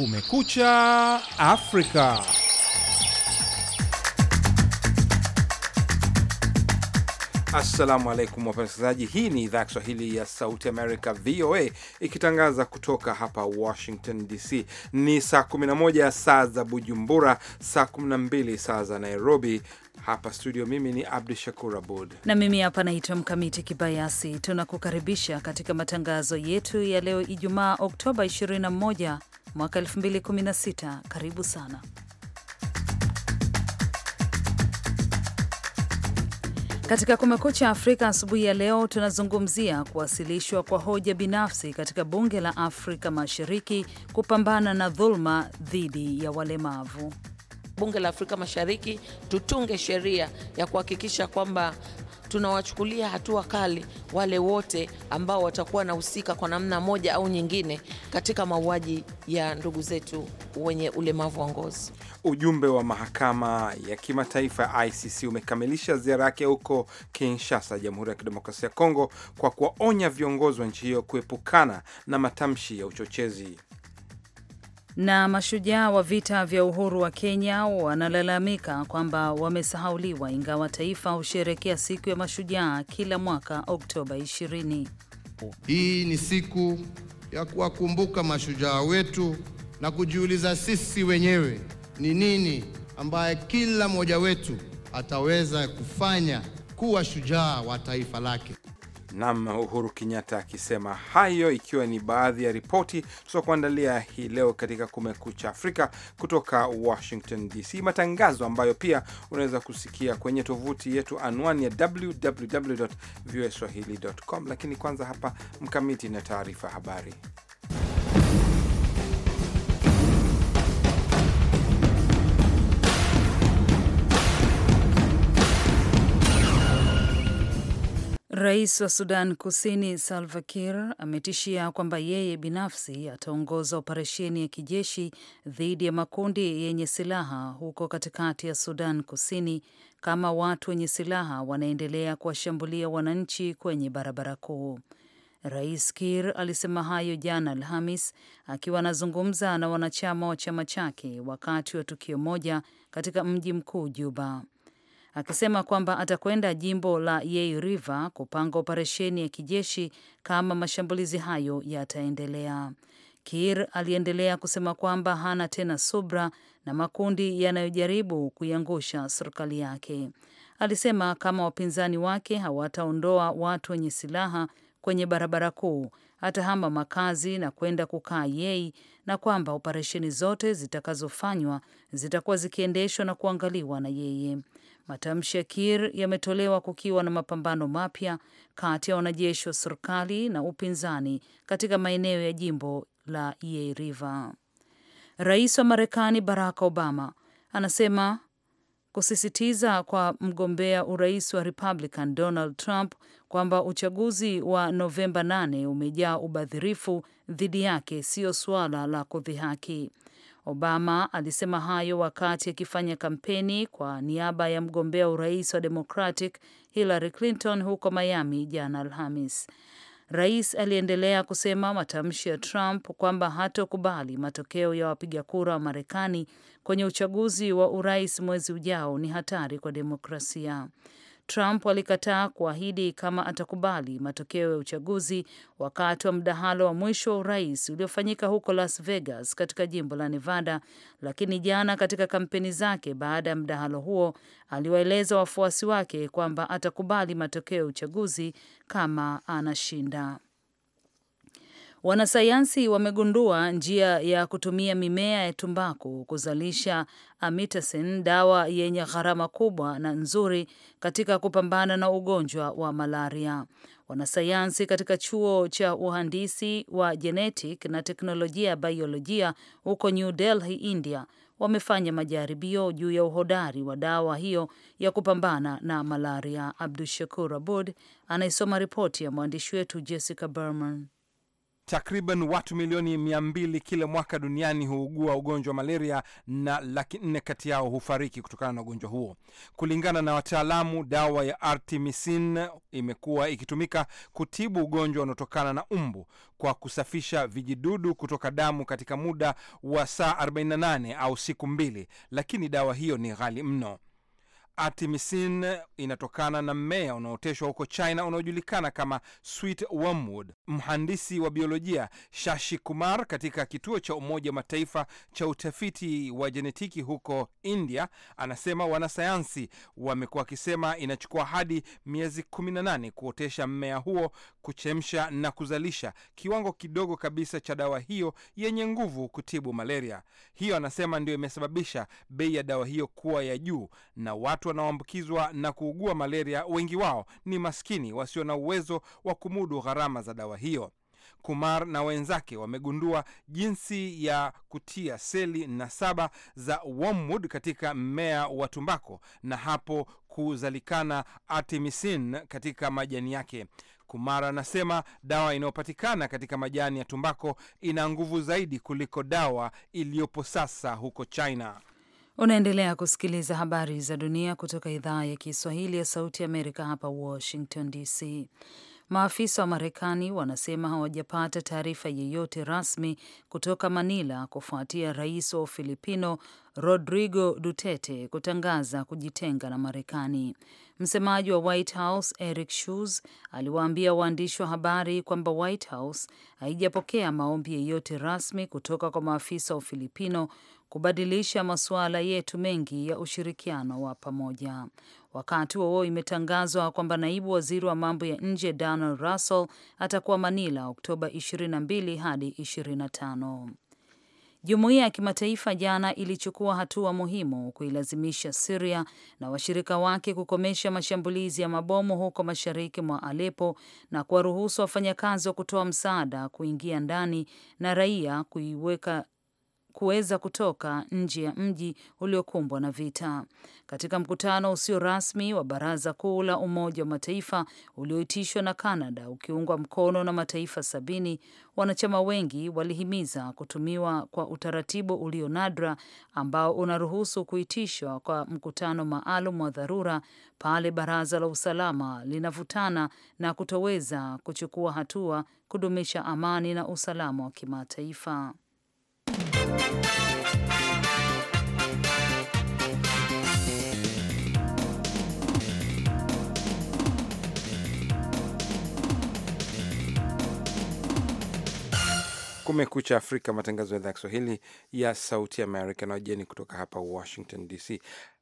Kumekucha Afrika. Assalamu alaikum wapenzi wasikilizaji, hii ni idhaa ya Kiswahili ya Sauti Amerika, VOA, ikitangaza kutoka hapa Washington DC. Ni saa 11 saa za Bujumbura, saa 12 saa za Nairobi. Hapa studio, mimi ni Abdu Shakur Abud na mimi hapa naitwa Mkamiti Kibayasi. Tunakukaribisha katika matangazo yetu ya leo Ijumaa, Oktoba 21 mwaka 2016. Karibu sana. Katika Kumekucha Afrika asubuhi ya leo tunazungumzia kuwasilishwa kwa hoja binafsi katika bunge la Afrika Mashariki kupambana na dhuluma dhidi ya walemavu. Bunge la Afrika Mashariki tutunge sheria ya kuhakikisha kwamba tunawachukulia hatua kali wale wote ambao watakuwa wanahusika kwa namna moja au nyingine katika mauaji ya ndugu zetu wenye ulemavu wa ngozi. Ujumbe wa mahakama ya kimataifa ya ICC umekamilisha ziara yake huko Kinshasa, Jamhuri ya Kidemokrasia ya Kongo, kwa kuwaonya viongozi wa nchi hiyo kuepukana na matamshi ya uchochezi. Na mashujaa wa vita vya uhuru wa Kenya wanalalamika kwamba wamesahauliwa, ingawa taifa husherekea siku ya mashujaa kila mwaka Oktoba 20. Hii ni siku ya kuwakumbuka mashujaa wetu na kujiuliza sisi wenyewe ni nini ambaye kila mmoja wetu ataweza kufanya kuwa shujaa wa taifa lake. Nam Uhuru Kenyatta akisema hayo, ikiwa ni baadhi ya ripoti tutakuandalia hii leo katika Kumekucha Afrika kutoka Washington DC, matangazo ambayo pia unaweza kusikia kwenye tovuti yetu, anwani ya www voaswahili.com. Lakini kwanza hapa Mkamiti na taarifa habari. Rais wa Sudan Kusini Salva Kiir ametishia kwamba yeye binafsi ataongoza operesheni ya kijeshi dhidi ya makundi yenye silaha huko katikati ya Sudan Kusini kama watu wenye silaha wanaendelea kuwashambulia wananchi kwenye barabara kuu. Rais Kiir alisema hayo jana Alhamis akiwa anazungumza na wanachama wa chama chake wakati wa tukio moja katika mji mkuu Juba akisema kwamba atakwenda jimbo la Yei River kupanga operesheni ya kijeshi kama mashambulizi hayo yataendelea. kir aliendelea kusema kwamba hana tena subra na makundi yanayojaribu kuiangusha serikali yake. Alisema kama wapinzani wake hawataondoa watu wenye silaha kwenye barabara kuu atahama makazi na kwenda kukaa Yei na kwamba operesheni zote zitakazofanywa zitakuwa zikiendeshwa na kuangaliwa na yeye. Matamshi ya kir yametolewa kukiwa na mapambano mapya kati ya wanajeshi wa serikali na upinzani katika maeneo ya jimbo la Yei River. Rais wa Marekani Barack Obama anasema kusisitiza kwa mgombea urais wa Republican Donald Trump kwamba uchaguzi wa Novemba 8 umejaa ubadhirifu dhidi yake siyo suala la kudhihaki. Obama alisema hayo wakati akifanya kampeni kwa niaba ya mgombea urais wa Democratic Hillary Clinton huko Miami jana Alhamis. Rais aliendelea kusema matamshi ya Trump kwamba hatokubali matokeo ya wapiga kura wa Marekani kwenye uchaguzi wa urais mwezi ujao ni hatari kwa demokrasia. Trump alikataa kuahidi kama atakubali matokeo ya uchaguzi wakati wa mdahalo wa mwisho wa urais uliofanyika huko Las Vegas katika jimbo la Nevada, lakini jana katika kampeni zake baada ya mdahalo huo aliwaeleza wafuasi wake kwamba atakubali matokeo ya uchaguzi kama anashinda. Wanasayansi wamegundua njia ya kutumia mimea ya tumbaku kuzalisha amitasin dawa yenye gharama kubwa na nzuri katika kupambana na ugonjwa wa malaria. Wanasayansi katika chuo cha uhandisi wa genetic na teknolojia ya biolojia huko New Delhi, India, wamefanya majaribio juu ya uhodari wa dawa hiyo ya kupambana na malaria. Abdu Shakur Abud anaisoma ripoti ya mwandishi wetu Jessica Berman. Takriban watu milioni mia mbili kila mwaka duniani huugua ugonjwa wa malaria na laki nne kati yao hufariki kutokana na ugonjwa huo. Kulingana na wataalamu, dawa ya artemisin imekuwa ikitumika kutibu ugonjwa unaotokana na umbu kwa kusafisha vijidudu kutoka damu katika muda wa saa 48 au siku mbili, lakini dawa hiyo ni ghali mno. Artemisin inatokana na mmea unaoteshwa huko China unaojulikana kama sweet wormwood. Mhandisi wa biolojia Shashi Kumar katika kituo cha Umoja wa Mataifa cha utafiti wa jenetiki huko India anasema wanasayansi wamekuwa wakisema inachukua hadi miezi 18 kuotesha mmea huo, kuchemsha na kuzalisha kiwango kidogo kabisa cha dawa hiyo yenye nguvu kutibu malaria. Hiyo anasema ndio imesababisha bei ya dawa hiyo kuwa ya juu na watu wanaoambukizwa na kuugua malaria wengi wao ni maskini wasio na uwezo wa kumudu gharama za dawa hiyo. Kumar na wenzake wamegundua jinsi ya kutia seli nasaba za wormwood katika mmea wa tumbako na hapo kuzalikana artemisin katika majani yake. Kumar anasema dawa inayopatikana katika majani ya tumbako ina nguvu zaidi kuliko dawa iliyopo sasa huko China. Unaendelea kusikiliza habari za dunia kutoka idhaa ya Kiswahili ya Sauti ya Amerika, hapa Washington DC. Maafisa wa Marekani wanasema hawajapata taarifa yeyote rasmi kutoka Manila kufuatia rais wa Ufilipino Rodrigo Duterte kutangaza kujitenga na Marekani. Msemaji wa White House Eric Schultz aliwaambia waandishi wa habari kwamba White House haijapokea maombi yeyote rasmi kutoka kwa maafisa wa Ufilipino kubadilisha masuala yetu mengi ya ushirikiano wa pamoja. Wakati huo imetangazwa kwamba naibu waziri wa mambo ya nje Donald Russell atakuwa Manila Oktoba 22 hadi 25. Jumuiya ya kimataifa jana ilichukua hatua muhimu kuilazimisha Siria na washirika wake kukomesha mashambulizi ya mabomu huko mashariki mwa Alepo na kuwaruhusu wafanyakazi wa kutoa msaada kuingia ndani na raia kuiweka kuweza kutoka nje ya mji uliokumbwa na vita. Katika mkutano usio rasmi wa Baraza Kuu la Umoja wa Mataifa ulioitishwa na Kanada ukiungwa mkono na mataifa sabini, wanachama wengi walihimiza kutumiwa kwa utaratibu ulio nadra ambao unaruhusu kuitishwa kwa mkutano maalum wa dharura pale Baraza la Usalama linavutana na kutoweza kuchukua hatua kudumisha amani na usalama wa kimataifa. Kumekucha Afrika, matangazo ya idhaa ya Kiswahili ya Sauti Amerika na wageni kutoka hapa Washington DC.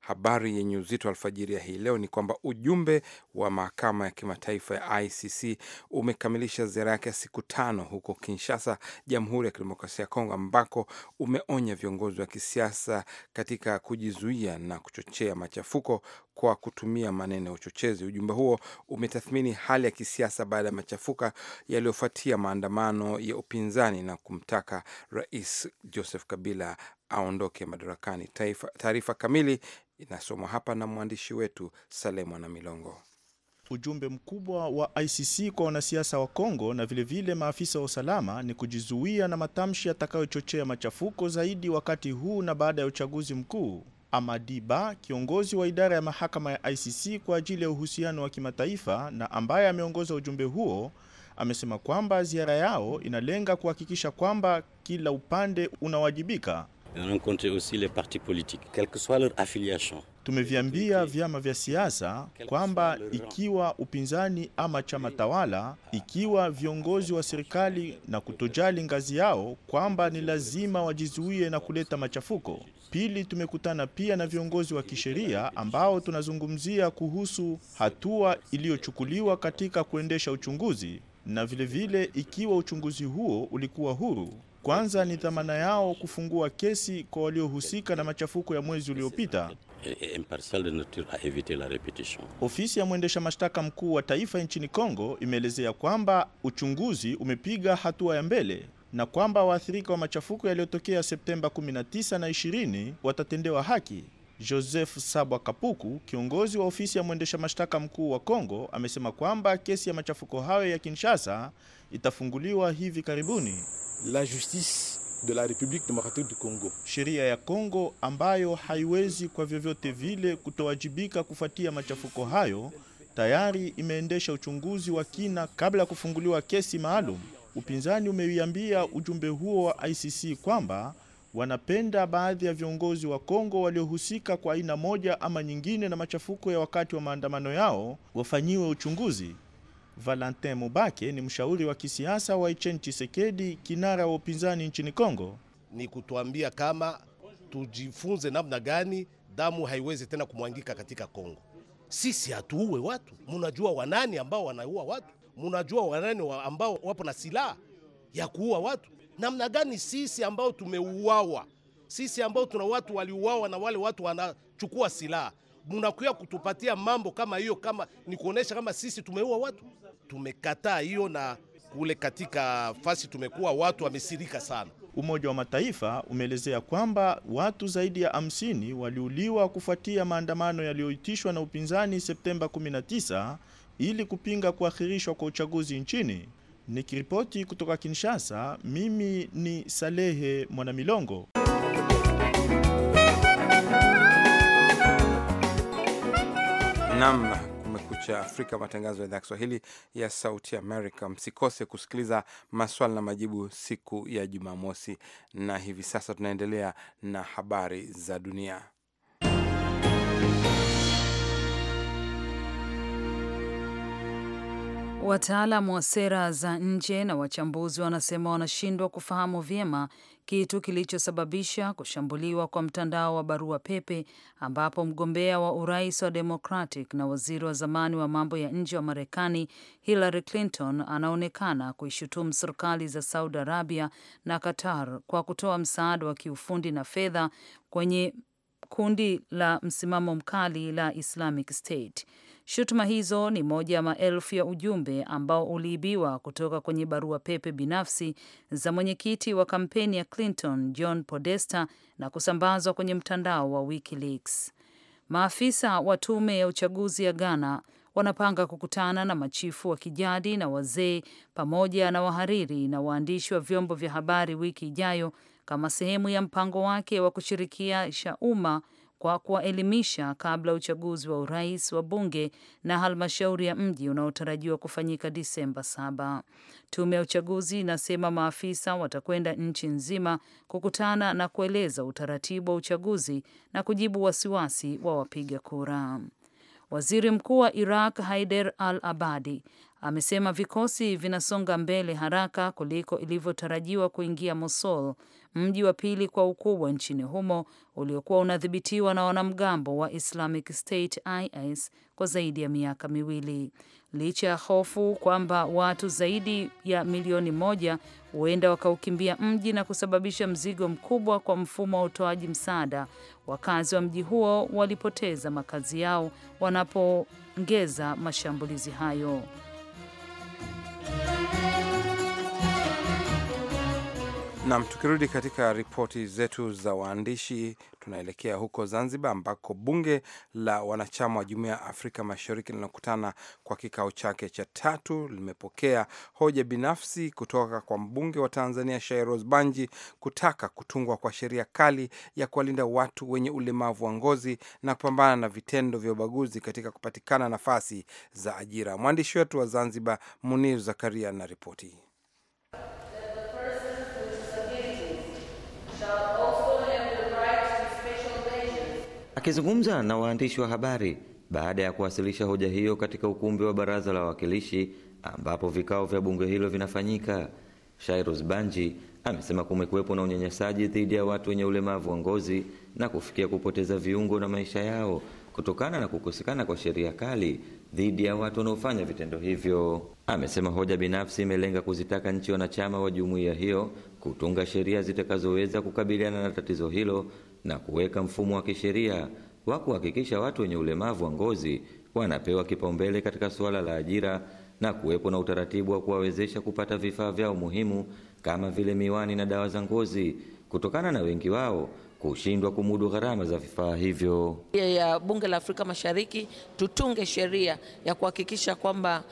Habari yenye uzito wa alfajiri ya hii leo ni kwamba ujumbe wa mahakama ya kimataifa ya ICC umekamilisha ziara yake ya siku tano huko Kinshasa, Jamhuri ya Kidemokrasia ya Kongo, ambako umeonya viongozi wa kisiasa katika kujizuia na kuchochea machafuko kwa kutumia maneno ya uchochezi. Ujumbe huo umetathmini hali ya kisiasa baada ya machafuka yaliyofuatia maandamano ya upinzani na kumtaka Rais Joseph Kabila aondoke madarakani. Taarifa kamili Inasomwa hapa na mwandishi wetu Saleh na Milongo. Ujumbe mkubwa wa ICC kwa wanasiasa wa Kongo na vilevile vile maafisa wa usalama ni kujizuia na matamshi yatakayochochea machafuko zaidi wakati huu na baada ya uchaguzi mkuu. Amadiba, kiongozi wa idara ya mahakama ya ICC kwa ajili ya uhusiano wa kimataifa na ambaye ameongoza ujumbe huo, amesema kwamba ziara yao inalenga kuhakikisha kwamba kila upande unawajibika rencontrer aussi les partis politiques, quelle que soit leur affiliation. Tumeviambia vyama vya siasa kwamba ikiwa upinzani ama chama tawala, ikiwa viongozi wa serikali na kutojali ngazi yao, kwamba ni lazima wajizuie na kuleta machafuko. Pili, tumekutana pia na viongozi wa kisheria ambao tunazungumzia kuhusu hatua iliyochukuliwa katika kuendesha uchunguzi na vilevile vile, ikiwa uchunguzi huo ulikuwa huru kwanza ni dhamana yao kufungua kesi kwa waliohusika na machafuko ya mwezi uliopita. Ofisi ya mwendesha mashtaka mkuu wa taifa nchini Kongo imeelezea kwamba uchunguzi umepiga hatua ya mbele na kwamba waathirika wa machafuko yaliyotokea Septemba 19 na 20 watatendewa haki. Joseph Sabwa Kapuku, kiongozi wa ofisi ya mwendesha mashtaka mkuu wa Kongo, amesema kwamba kesi ya machafuko hayo ya Kinshasa itafunguliwa hivi karibuni. La justice de la République démocratique du Congo. Sheria ya Kongo ambayo haiwezi kwa vyovyote vile kutowajibika kufuatia machafuko hayo tayari imeendesha uchunguzi wa kina kabla ya kufunguliwa kesi maalum. Upinzani umeiambia ujumbe huo wa ICC kwamba wanapenda baadhi ya viongozi wa Kongo waliohusika kwa aina moja ama nyingine na machafuko ya wakati wa maandamano yao wafanyiwe uchunguzi. Valentin Mubake ni mshauri wa kisiasa wa Etienne Tshisekedi, kinara wa upinzani nchini Kongo. Ni kutuambia kama tujifunze namna gani damu haiwezi tena kumwangika katika Kongo. Sisi hatuue watu. Munajua wanani ambao wanaua watu? Munajua wanani ambao wapo na silaha ya kuua watu? namna gani sisi ambao tumeuawa, sisi ambao tuna watu waliuawa na wale watu wanachukua silaha, mnakuya kutupatia mambo kama hiyo, kama ni kuonesha kama sisi tumeua watu. Tumekataa hiyo na kule katika fasi tumekuwa watu wamesirika sana. Umoja wa Mataifa umeelezea kwamba watu zaidi ya hamsini waliuliwa kufuatia maandamano yaliyoitishwa na upinzani Septemba 19 ili kupinga kuahirishwa kwa uchaguzi nchini. Nikiripoti kutoka Kinshasa, mimi ni Salehe Mwanamilongo. Nam kumekucha Afrika, matangazo ya idhaa Kiswahili ya Sauti Amerika. Msikose kusikiliza maswali na majibu siku ya Jumamosi, na hivi sasa tunaendelea na habari za dunia. Wataalamu wa sera za nje na wachambuzi wanasema wanashindwa kufahamu vyema kitu kilichosababisha kushambuliwa kwa mtandao wa barua pepe ambapo mgombea wa urais wa Democratic na waziri wa zamani wa mambo ya nje wa Marekani Hillary Clinton anaonekana kuishutumu serikali za Saudi Arabia na Qatar kwa kutoa msaada wa kiufundi na fedha kwenye kundi la msimamo mkali la Islamic State. Shutuma hizo ni moja ya maelfu ya ujumbe ambao uliibiwa kutoka kwenye barua pepe binafsi za mwenyekiti wa kampeni ya Clinton John Podesta na kusambazwa kwenye mtandao wa WikiLeaks. Maafisa wa tume ya uchaguzi ya Ghana wanapanga kukutana na machifu wa kijadi na wazee pamoja na wahariri na waandishi wa vyombo vya habari wiki ijayo kama sehemu ya mpango wake wa kushirikisha umma kwa kuwaelimisha kabla uchaguzi wa urais wa bunge na halmashauri ya mji unaotarajiwa kufanyika Disemba saba. Tume ya uchaguzi inasema maafisa watakwenda nchi nzima kukutana na kueleza utaratibu wa uchaguzi na kujibu wasiwasi wa wapiga kura. Waziri Mkuu wa Iraq Haider al-Abadi amesema vikosi vinasonga mbele haraka kuliko ilivyotarajiwa kuingia Mosul, mji wa pili kwa ukubwa nchini humo uliokuwa unadhibitiwa na wanamgambo wa Islamic State IS kwa zaidi ya miaka miwili, licha ya hofu kwamba watu zaidi ya milioni moja huenda wakaukimbia mji na kusababisha mzigo mkubwa kwa mfumo wa utoaji msaada. Wakazi wa mji huo walipoteza makazi yao wanapoongeza mashambulizi hayo. Nam, tukirudi katika ripoti zetu za waandishi, tunaelekea huko Zanzibar ambako bunge la wanachama wa jumuiya ya Afrika Mashariki linakutana kwa kikao chake cha tatu. Limepokea hoja binafsi kutoka kwa mbunge wa Tanzania Shairos Banji kutaka kutungwa kwa sheria kali ya kuwalinda watu wenye ulemavu wa ngozi na kupambana na vitendo vya ubaguzi katika kupatikana nafasi za ajira. Mwandishi wetu wa Zanzibar, Munir Zakaria, na ripoti hii. Akizungumza na waandishi wa habari baada ya kuwasilisha hoja hiyo katika ukumbi wa Baraza la Wawakilishi ambapo vikao vya bunge hilo vinafanyika, Shairoz Banji amesema kumekuwepo na unyanyasaji dhidi ya watu wenye ulemavu wa ngozi na kufikia kupoteza viungo na maisha yao kutokana na kukosekana kwa sheria kali dhidi ya watu wanaofanya vitendo hivyo. Amesema hoja binafsi imelenga kuzitaka nchi wanachama wa jumuiya hiyo kutunga sheria zitakazoweza kukabiliana na tatizo hilo na kuweka mfumo wa kisheria wa kuhakikisha watu wenye ulemavu wa ngozi wanapewa kipaumbele katika suala la ajira na kuwepo na utaratibu wa kuwawezesha kupata vifaa vyao muhimu kama vile miwani na dawa za ngozi kutokana na wengi wao kushindwa kumudu gharama za vifaa hivyo. Ya Bunge la Afrika Mashariki tutunge sheria ya kuhakikisha kwamba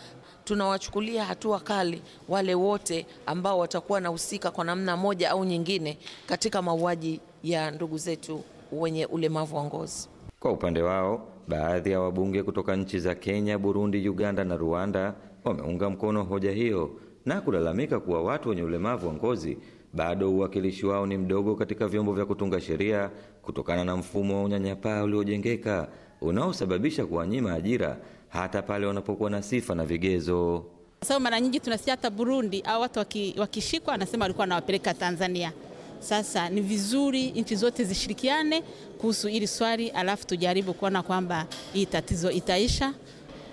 tunawachukulia hatua kali wale wote ambao watakuwa husika kwa namna moja au nyingine katika mauaji ya ndugu zetu wenye ulemavu wa ngozi. Kwa upande wao, baadhi ya wabunge kutoka nchi za Kenya, Burundi, Uganda na Rwanda wameunga mkono hoja hiyo na kulalamika kuwa watu wenye ulemavu wa ngozi bado uwakilishi wao ni mdogo katika vyombo vya kutunga sheria kutokana na mfumo wa unyanyapaa uliojengeka unaosababisha kuwanyima ajira hata pale wanapokuwa na sifa na vigezo. Sababu mara nyingi tunasikia hata Burundi au watu wakishikwa, anasema walikuwa wanawapeleka Tanzania. Sasa ni vizuri nchi zote zishirikiane kuhusu hili swali, alafu tujaribu kuona kwamba hii tatizo itaisha.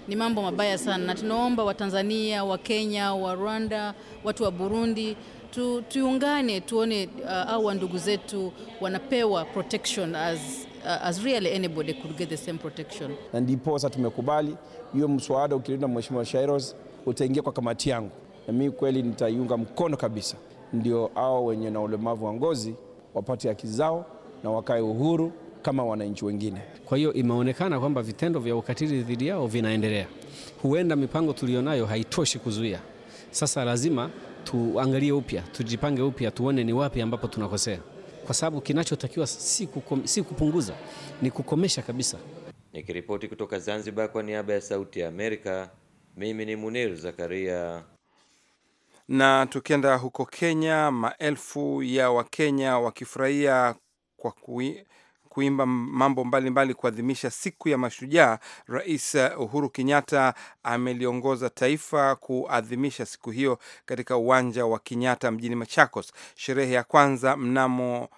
Ni mambo mabaya sana, na tunaomba Watanzania, Wakenya, wa Rwanda, watu wa Burundi tu, tuungane tuone uh, au ndugu zetu wanapewa protection as, uh, as really anybody could get the same protection. Na sasa tumekubali hiyo mswada ukilinda Mheshimiwa Shairos utaingia kwa kamati yangu, na mimi kweli nitaiunga mkono kabisa ndio hao wenye na ulemavu wa ngozi wapate haki zao na wakae uhuru kama wananchi wengine. Kwa hiyo imeonekana kwamba vitendo vya ukatili dhidi yao vinaendelea, huenda mipango tuliyonayo haitoshi kuzuia. Sasa lazima tuangalie upya, tujipange upya, tuone ni wapi ambapo tunakosea, kwa sababu kinachotakiwa si, kukom, si kupunguza, ni kukomesha kabisa. Nikiripoti kutoka Zanzibar kwa niaba ya Sauti ya Amerika, mimi ni Munir Zakaria. Na tukienda huko Kenya, maelfu ya Wakenya wakifurahia kwa kui kuimba mambo mbalimbali kuadhimisha siku ya mashujaa. Rais Uhuru Kenyatta ameliongoza taifa kuadhimisha siku hiyo katika uwanja wa Kenyatta mjini Machakos. Sherehe ya kwanza mnamo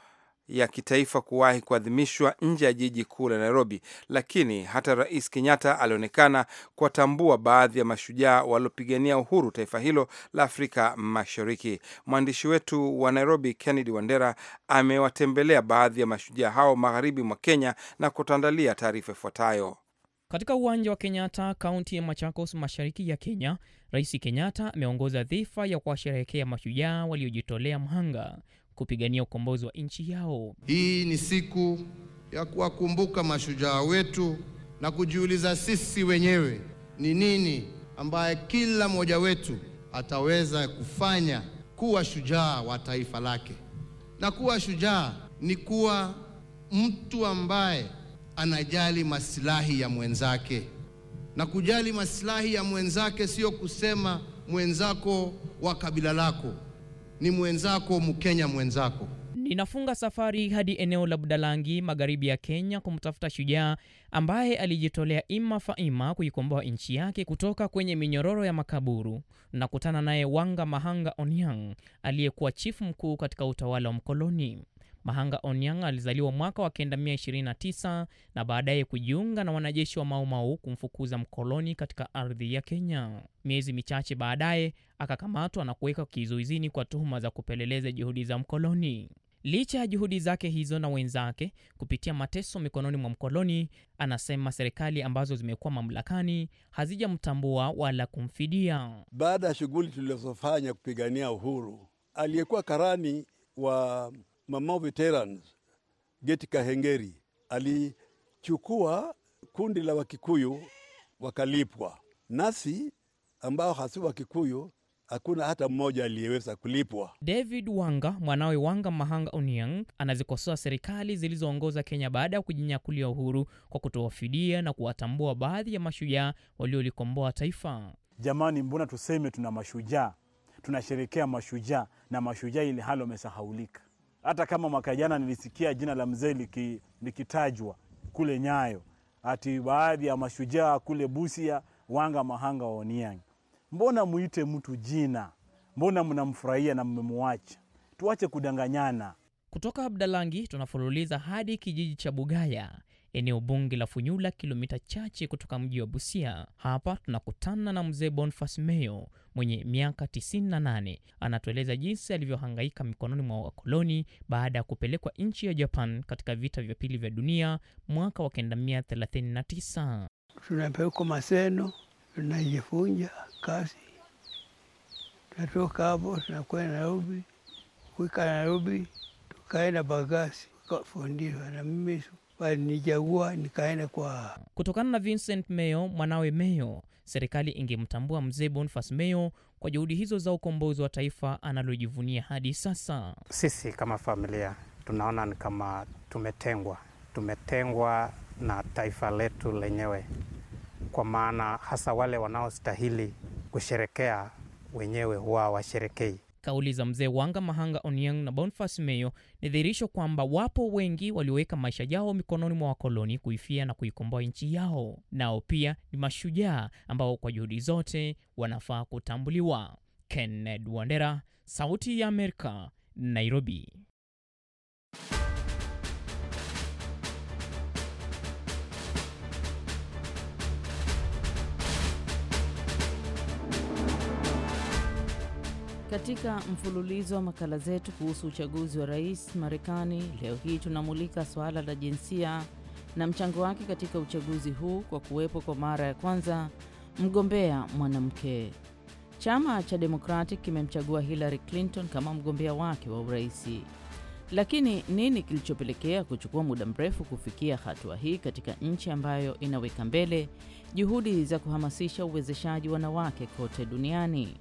ya kitaifa kuwahi kuadhimishwa nje ya jiji kuu la Nairobi, lakini hata Rais Kenyatta alionekana kuwatambua baadhi ya mashujaa waliopigania uhuru taifa hilo la Afrika Mashariki. Mwandishi wetu wa Nairobi, Kennedy Wandera, amewatembelea baadhi ya mashujaa hao magharibi mwa Kenya na kutandalia taarifa ifuatayo. Katika uwanja wa Kenyatta, kaunti ya Machakos, mashariki ya Kenya, Rais Kenyatta ameongoza dhifa ya kuwasherehekea mashujaa waliojitolea mhanga kupigania ukombozi wa nchi yao. Hii ni siku ya kuwakumbuka mashujaa wetu na kujiuliza sisi wenyewe ni nini ambaye kila mmoja wetu ataweza kufanya kuwa shujaa wa taifa lake. Na kuwa shujaa ni kuwa mtu ambaye anajali masilahi ya mwenzake, na kujali masilahi ya mwenzake sio kusema mwenzako wa kabila lako ni mwenzako, Mkenya mwenzako. Ninafunga safari hadi eneo la Budalangi magharibi ya Kenya kumtafuta shujaa ambaye alijitolea ima faima kuikomboa nchi yake kutoka kwenye minyororo ya makaburu. Nakutana naye Wanga Mahanga Onyang aliyekuwa chifu mkuu katika utawala wa mkoloni. Mahanga Onyang alizaliwa mwaka wa 1929 na baadaye kujiunga na wanajeshi wa Mau Mau kumfukuza mkoloni katika ardhi ya Kenya. Miezi michache baadaye akakamatwa na kuwekwa kizuizini kwa tuhuma za kupeleleza juhudi za mkoloni. Licha ya juhudi zake hizo na wenzake kupitia mateso mikononi mwa mkoloni, anasema serikali ambazo zimekuwa mamlakani hazijamtambua wala kumfidia. Baada ya shughuli tulizofanya kupigania uhuru, aliyekuwa karani wa Mamao Veterans Geti Kahengeri alichukua kundi la Wakikuyu wakalipwa, nasi ambao hasi Wakikuyu hakuna hata mmoja aliyeweza kulipwa. David Wanga mwanawe Wanga Mahanga Uniang anazikosoa serikali zilizoongoza Kenya baada ya kujinyakulia uhuru kwa kutoa fidia na kuwatambua baadhi ya mashujaa waliolikomboa taifa. Jamani, mbona tuseme tuna mashujaa, tunasherekea mashujaa na mashujaa ili hali wamesahaulika. Hata kama mwaka jana nilisikia jina la mzee liki, likitajwa kule Nyayo, ati baadhi ya mashujaa kule Busia, Wanga Mahanga wa Oniang. Mbona muite mtu jina? Mbona mnamfurahia na mmemwacha? Tuache kudanganyana. Kutoka Abdalangi tunafululiza hadi kijiji cha Bugaya eneo bunge la Funyula, kilomita chache kutoka mji wa Busia. Hapa tunakutana na mzee Bonfas Meyo mwenye miaka 98 anatueleza jinsi alivyohangaika mikononi mwa wakoloni baada ya kupelekwa nchi ya Japan katika vita vya pili vya dunia mwaka wa 1939. Tunapelekwa Maseno, tunajifunja kazi, tunatoka hapo tunakwenda Nairobi, kuika Nairobi tukaenda Bagasi, tukafundishwa na mimi walinichagua nikaenda kwa. Kutokana na Vincent Meyo, mwanawe Meyo, serikali ingemtambua mzee Boniface Meyo kwa juhudi hizo za ukombozi wa taifa analojivunia hadi sasa. Sisi kama familia tunaona ni kama tumetengwa, tumetengwa na taifa letu lenyewe, kwa maana hasa wale wanaostahili kusherekea wenyewe huwa washerekei. Kauli za mzee Wanga Mahanga Oniang na Boniface Meyo ni dhihirisho kwamba wapo wengi walioweka maisha yao mikononi mwa wakoloni kuifia na kuikomboa nchi yao. Nao pia ni mashujaa ambao kwa juhudi zote wanafaa kutambuliwa. Kenneth Wandera, Sauti ya Amerika, Nairobi. Katika mfululizo wa makala zetu kuhusu uchaguzi wa rais Marekani, leo hii tunamulika suala la jinsia na mchango wake katika uchaguzi huu kwa kuwepo kwa mara ya kwanza mgombea mwanamke. Chama cha Democratic kimemchagua Hillary Clinton kama mgombea wake wa uraisi. Lakini nini kilichopelekea kuchukua muda mrefu kufikia hatua hii katika nchi ambayo inaweka mbele juhudi za kuhamasisha uwezeshaji wanawake kote duniani?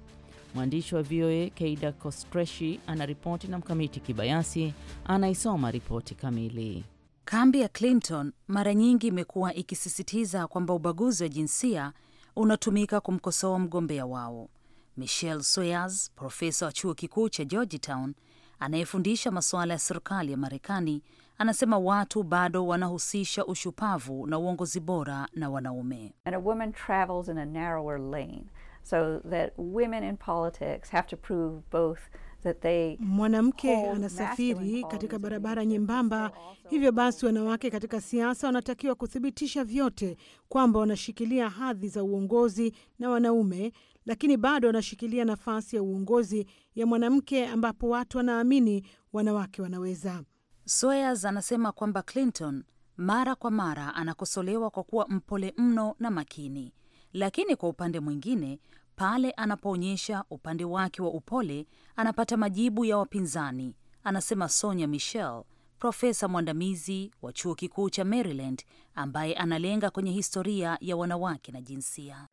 Mwandishi wa VOA Keida Kostreshi anaripoti na Mkamiti Kibayasi anaisoma ripoti kamili. Kambi ya Clinton mara nyingi imekuwa ikisisitiza kwamba ubaguzi wa jinsia unatumika kumkosoa mgombea wao. Michelle Swers, profesa wa chuo kikuu cha Georgetown anayefundisha masuala ya serikali ya Marekani, anasema watu bado wanahusisha ushupavu na uongozi bora na wanaume. And a woman travels in a narrower lane so that women in politics have to prove both that they mwanamke anasafiri katika barabara nyembamba. Hivyo basi, wanawake katika siasa wanatakiwa kuthibitisha vyote kwamba wanashikilia hadhi za uongozi na wanaume, lakini bado wanashikilia nafasi ya uongozi ya mwanamke, ambapo watu wanaamini wanawake wanaweza. Sweyers anasema kwamba Clinton mara kwa mara anakosolewa kwa kuwa mpole mno na makini lakini kwa upande mwingine, pale anapoonyesha upande wake wa upole anapata majibu ya wapinzani, anasema Sonya Michel, profesa mwandamizi wa chuo kikuu cha Maryland ambaye analenga kwenye historia ya wanawake na jinsia.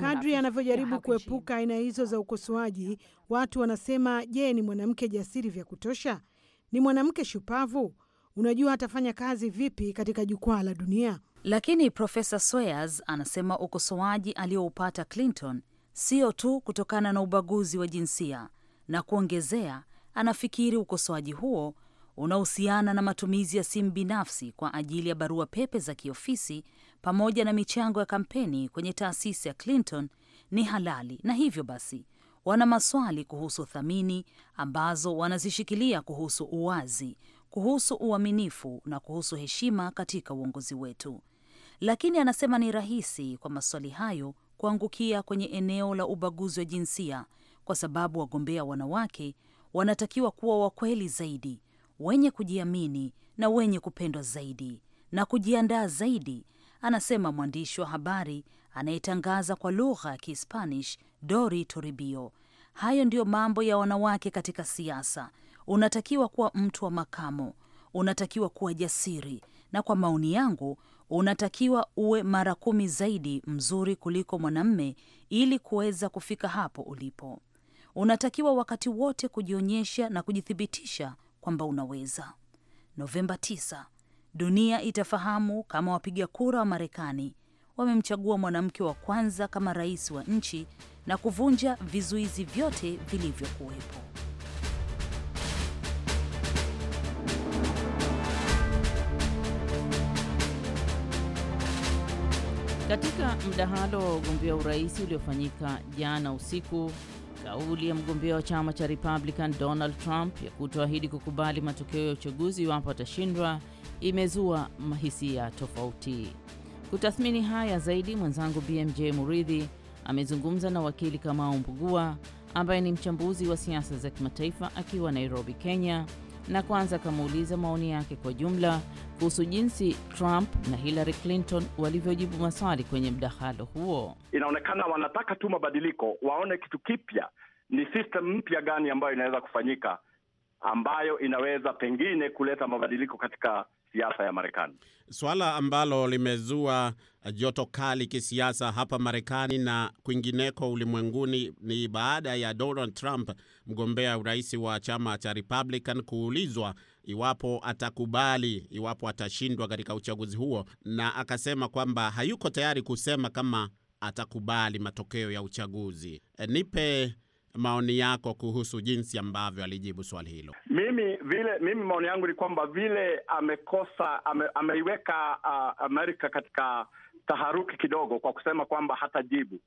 Kadri anavyojaribu kuepuka aina hizo za ukosoaji, watu wanasema, je, ni mwanamke jasiri vya kutosha? Ni mwanamke shupavu? unajua atafanya kazi vipi katika jukwaa la dunia. Lakini Profesa Sweyers anasema ukosoaji aliyoupata Clinton sio tu kutokana na ubaguzi wa jinsia, na kuongezea, anafikiri ukosoaji huo unahusiana na matumizi ya simu binafsi kwa ajili ya barua pepe za kiofisi pamoja na michango ya kampeni kwenye taasisi ya Clinton ni halali, na hivyo basi wana maswali kuhusu thamini ambazo wanazishikilia kuhusu uwazi, kuhusu uaminifu na kuhusu heshima katika uongozi wetu, lakini anasema ni rahisi kwa maswali hayo kuangukia kwenye eneo la ubaguzi wa jinsia kwa sababu wagombea wanawake wanatakiwa kuwa wakweli zaidi, wenye kujiamini na wenye kupendwa zaidi na kujiandaa zaidi, anasema mwandishi wa habari anayetangaza kwa lugha ya Kispanish Dori Toribio. Hayo ndiyo mambo ya wanawake katika siasa unatakiwa kuwa mtu wa makamo, unatakiwa kuwa jasiri, na kwa maoni yangu unatakiwa uwe mara kumi zaidi mzuri kuliko mwanamme ili kuweza kufika hapo ulipo. Unatakiwa wakati wote kujionyesha na kujithibitisha kwamba unaweza. Novemba 9, dunia itafahamu kama wapiga kura wa Marekani wamemchagua mwanamke wa kwanza kama rais wa nchi na kuvunja vizuizi vyote vilivyokuwepo. Katika mdahalo wa ugombea urais uliofanyika jana usiku, kauli ya mgombea wa chama cha Republican Donald Trump ya kutoahidi kukubali matokeo ya uchaguzi iwapo atashindwa imezua mahisia tofauti. Kutathmini haya zaidi, mwenzangu BMJ Muridhi amezungumza na wakili Kamau Mbugua ambaye ni mchambuzi wa siasa za kimataifa akiwa Nairobi, Kenya, na kwanza akamuuliza maoni yake kwa jumla kuhusu jinsi Trump na Hillary Clinton walivyojibu maswali kwenye mdahalo huo. Inaonekana wanataka tu mabadiliko, waone kitu kipya, ni system mpya gani ambayo inaweza kufanyika ambayo inaweza pengine kuleta mabadiliko katika siasa ya Marekani, swala ambalo limezua joto kali kisiasa hapa Marekani na kwingineko ulimwenguni. Ni baada ya Donald Trump, mgombea urais wa chama cha Republican, kuulizwa iwapo atakubali, iwapo atashindwa katika uchaguzi huo, na akasema kwamba hayuko tayari kusema kama atakubali matokeo ya uchaguzi. E, nipe maoni yako kuhusu jinsi ambavyo alijibu swali hilo. Mimi vile mimi maoni yangu ni kwamba vile amekosa ame, ameiweka uh, Amerika katika taharuki kidogo kwa kusema kwamba hatajibu.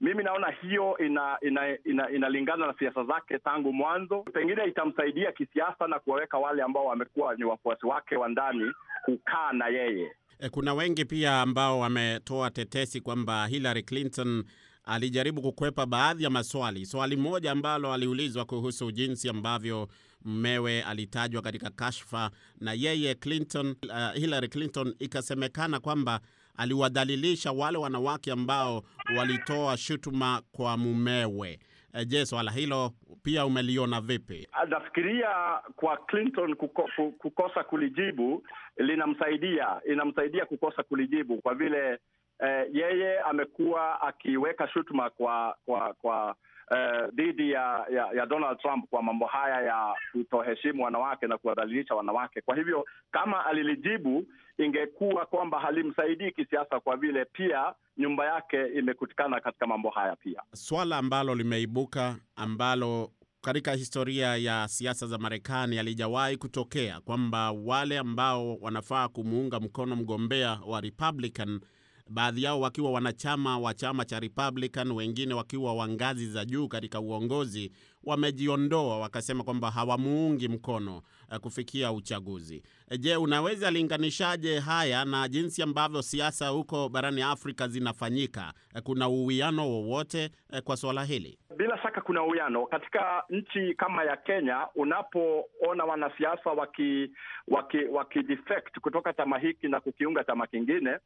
Mimi naona hiyo ina, ina, ina, inalingana na siasa zake tangu mwanzo. Pengine itamsaidia kisiasa na kuwaweka wale ambao wamekuwa ni wafuasi wake wa ndani kukaa na yeye. Eh, kuna wengi pia ambao wametoa tetesi kwamba Hillary Clinton alijaribu kukwepa baadhi ya maswali. Swali moja ambalo aliulizwa kuhusu jinsi ambavyo mmewe alitajwa katika kashfa na yeye Clinton, uh, Hillary Clinton, ikasemekana kwamba aliwadhalilisha wale wanawake ambao walitoa shutuma kwa mumewe. Eh, je, swala hilo pia umeliona vipi? Ah, nafikiria kwa Clinton kuko, kukosa kulijibu linamsaidia, inamsaidia kukosa kulijibu kwa vile eh, yeye amekuwa akiweka shutuma kwa kwa kwa Eh, dhidi uh, ya, ya ya Donald Trump kwa mambo haya ya kutoheshimu wanawake na kuwadhalilisha wanawake. Kwa hivyo kama alilijibu, ingekuwa kwamba halimsaidii kisiasa, kwa vile pia nyumba yake imekutikana katika mambo haya. Pia swala ambalo limeibuka ambalo katika historia ya siasa za Marekani alijawahi kutokea kwamba wale ambao wanafaa kumuunga mkono mgombea wa Republican baadhi yao wakiwa wanachama wa chama cha Republican, wengine wakiwa wa ngazi za juu katika uongozi, wamejiondoa wakasema kwamba hawamuungi mkono eh, kufikia uchaguzi. Eh, je, unaweza linganishaje haya na jinsi ambavyo siasa huko barani Afrika zinafanyika? Eh, kuna uwiano wowote kwa suala hili? Bila shaka kuna uwiano katika nchi kama ya Kenya. Unapoona wanasiasa waki, waki, waki defect kutoka chama hiki na kukiunga chama kingine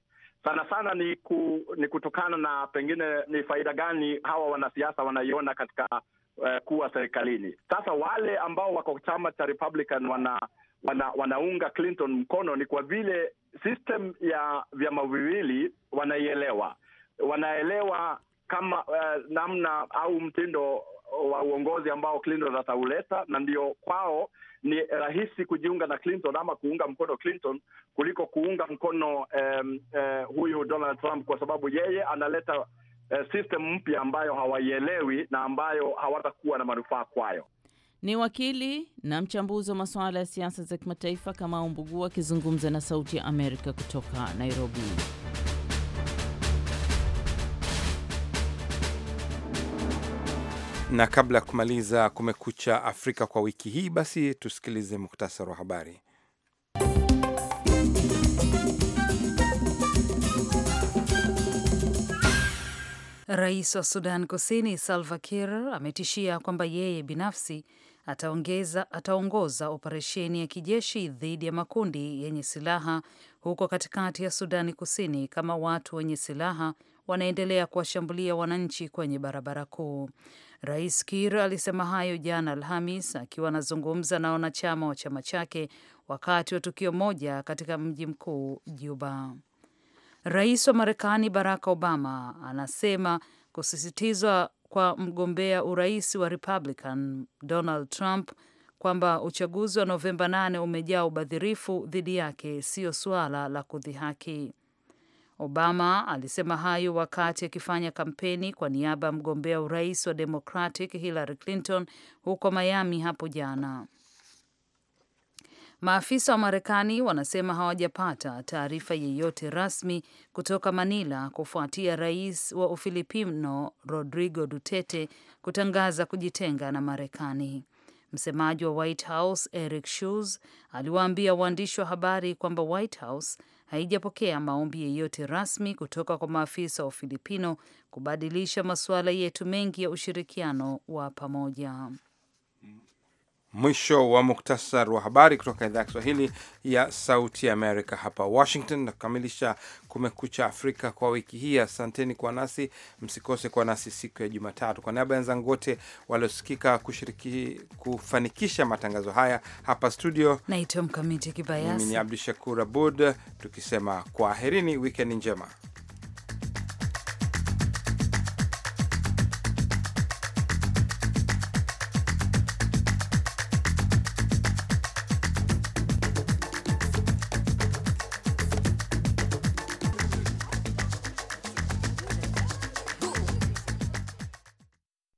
sana sana ni, ku, ni kutokana na pengine ni faida gani hawa wanasiasa wanaiona katika uh, kuwa serikalini. Sasa wale ambao wako chama cha Republican wana, wana, wanaunga Clinton mkono ni kwa vile system ya vyama viwili wanaielewa, wanaelewa kama uh, namna au mtindo wa uongozi ambao Clinton atauleta, na ndio kwao ni rahisi kujiunga na Clinton ama kuunga mkono Clinton kuliko kuunga mkono um, uh, huyu Donald Trump kwa sababu yeye analeta uh, system mpya ambayo hawaielewi na ambayo hawatakuwa na manufaa kwayo. Ni wakili na mchambuzi wa masuala ya siasa za kimataifa kama Umbugua akizungumza na Sauti ya Amerika kutoka Nairobi. Na kabla ya kumaliza Kumekucha Afrika kwa wiki hii, basi tusikilize muktasari wa habari. Rais wa Sudan Kusini Salva Kiir ametishia kwamba yeye binafsi ataongeza ataongoza operesheni ya kijeshi dhidi ya makundi yenye silaha huko katikati ya Sudani Kusini kama watu wenye silaha wanaendelea kuwashambulia wananchi kwenye barabara kuu. Rais kir alisema hayo jana Alhamis akiwa anazungumza na wanachama wa chama chake wakati wa tukio moja katika mji mkuu Juba. Rais wa Marekani Barack Obama anasema kusisitizwa kwa mgombea urais wa Republican Donald Trump kwamba uchaguzi wa Novemba 8 umejaa ubadhirifu dhidi yake siyo suala la kudhihaki. Obama alisema hayo wakati akifanya kampeni kwa niaba ya mgombea urais wa Democratic Hillary Clinton huko Miami hapo jana. Maafisa wa Marekani wanasema hawajapata taarifa yeyote rasmi kutoka Manila kufuatia rais wa Ufilipino Rodrigo Duterte kutangaza kujitenga na Marekani. Msemaji wa White House Eric shus aliwaambia waandishi wa habari kwamba White House haijapokea maombi yeyote rasmi kutoka kwa maafisa wa Filipino kubadilisha masuala yetu mengi ya ushirikiano wa pamoja. Mwisho wa muktasar wa habari kutoka idhaa ya Kiswahili ya Sauti ya Amerika hapa Washington, na kukamilisha Kumekucha Afrika kwa wiki hii. Asanteni kwa nasi, msikose kwa nasi siku ya Jumatatu. Kwa niaba ya wenzangu wote waliosikika kushiriki kufanikisha matangazo haya hapa studio, naitwa Mkamiti Kibayasi, mimi ni Abdu Shakur Abud, tukisema kwaherini, wikendi njema.